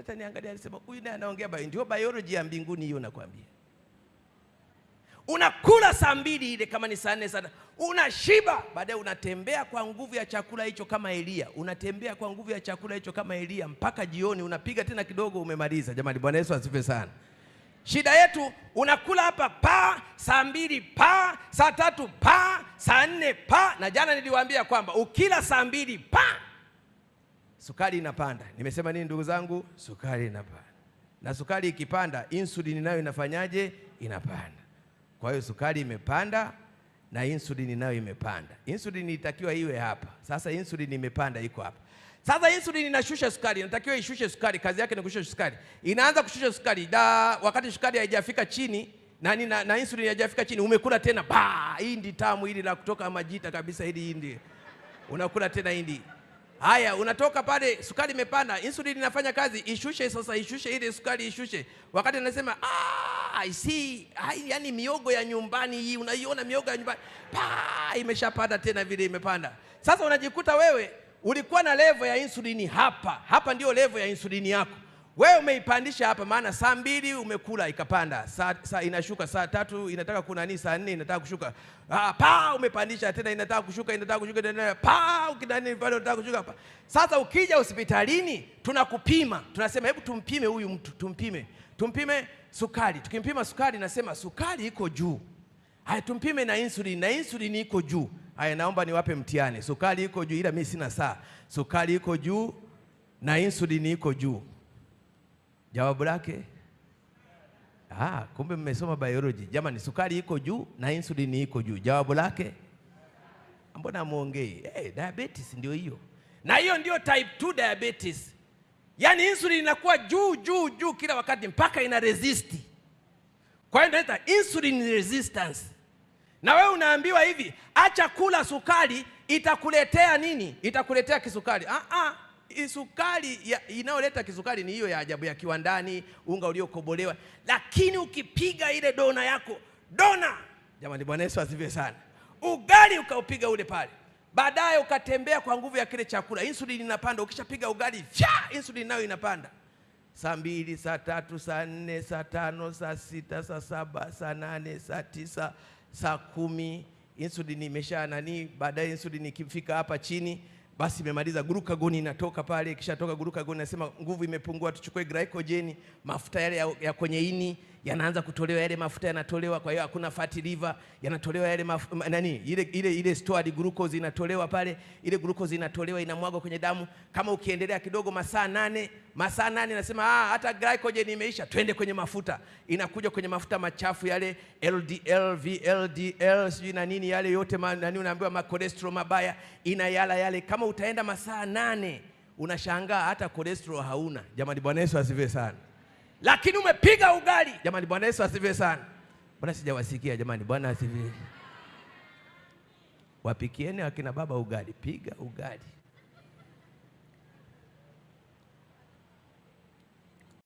ataniangalia alisema, huyu naye anaongea bai. Ndio biology ya mbinguni hiyo, nakwambia. Unakula saa mbili ile kama ni saa nne sana, unashiba. Baadaye unatembea kwa nguvu ya chakula hicho kama Elia, unatembea kwa nguvu ya chakula hicho kama Elia mpaka jioni, unapiga tena kidogo, umemaliza. Jamani, Bwana Yesu asifiwe sana. Shida yetu unakula hapa pa saa mbili pa saa tatu pa saa nne pa, na jana niliwaambia kwamba ukila saa mbili pa sukari inapanda. Nimesema nini ndugu zangu? Sukari inapanda, na sukari ikipanda, insulini nayo inafanyaje? Inapanda. Kwa hiyo sukari imepanda na insulini nayo imepanda. Insulini itakiwa iwe hapa, sasa insulini imepanda, iko hapa. Sasa insulini inashusha sukari, inatakiwa ishushe sukari, kazi yake ni kushusha sukari. Inaanza kushusha sukari da, wakati sukari haijafika chini na, na, na insulini haijafika chini, umekula tena ba, hii ndi tamu hili la kutoka majita kabisa, hili hindi unakula tena hindi Haya, unatoka pale, sukari imepanda, insulin inafanya kazi, ishushe sasa, ishushe ile sukari, ishushe. Wakati anasema ah, I see, hai, yani miogo ya nyumbani hii, unaiona miogo ya nyumbani pa, imeshapanda tena vile imepanda. Sasa unajikuta wewe ulikuwa na levo ya insulini hapa hapa, ndio levo ya insulini yako wewe umeipandisha hapa, maana saa mbili umekula ikapanda, saa, sa, inashuka, saa tatu inataka kunani, saa nne inataka kushuka ah, pa umepandisha tena, inataka kushuka, inataka kushuka tena, pa ukidani pale unataka kushuka hapa. Sasa ukija hospitalini tunakupima, tunasema hebu tumpime huyu mtu, tumpime, tumpime sukari. Tukimpima sukari, nasema sukari iko juu. Haya, tumpime na insulin, na insulin iko juu. Haya, naomba niwape mtihani. Sukari iko juu, ila mimi sina saa. Sukari iko juu na insulin iko juu Jawabu lake ah, kumbe mmesoma biology jamani. Sukari iko juu na insulini iko juu, jawabu lake mbona muongei? Hey, eh, diabetes ndio hiyo, na hiyo ndio type 2 diabetes. Yaani insulin inakuwa juu juu juu kila wakati mpaka ina resist. Kwa hiyo inaita insulin resistance. Na wewe unaambiwa hivi, acha kula sukari, itakuletea nini? Itakuletea kisukari. Ah ah sukari inayoleta kisukari ni hiyo ya ajabu ya kiwandani, unga uliokobolewa. Lakini ukipiga ile dona yako dona, jamani, Bwana Yesu asifiwe sana, ugali ukaupiga ule pale, baadaye ukatembea kwa nguvu ya kile chakula, insulini inapanda. Ukishapiga ugali cha insulini nayo inapanda saa mbili, saa tatu, saa nne, saa tano, saa sita, saa saba, saa nane, saa tisa, saa kumi, insulini imesha nani. Baadaye insulini ikifika hapa chini basi imemaliza glucagon inatoka pale, ikishatoka glucagon nasema nguvu imepungua, tuchukue glycogen, mafuta yale ya, ya kwenye ini yanaanza kutolewa yale mafuta yanatolewa, kwa hiyo hakuna fat liver, yanatolewa yale maf, nani ile ile ile stored glucose inatolewa pale, ile glucose inatolewa inamwagwa kwenye damu. Kama ukiendelea kidogo, masaa nane, masaa nane nasema ah, hata glycogen imeisha, twende kwenye mafuta. Inakuja kwenye mafuta machafu yale LDL, VLDL sijui na nini yale yote ma, nani unaambiwa makolesterol mabaya inayala yale. Kama utaenda masaa nane, unashangaa hata kolesterol hauna. Jamani, Bwana Yesu asifiwe sana lakini umepiga ugali. Jamani, Bwana Yesu asifiwe sana. Bwana sijawasikia jamani. Bwana asifiwe. Wapikieni akina baba ugali, piga ugali.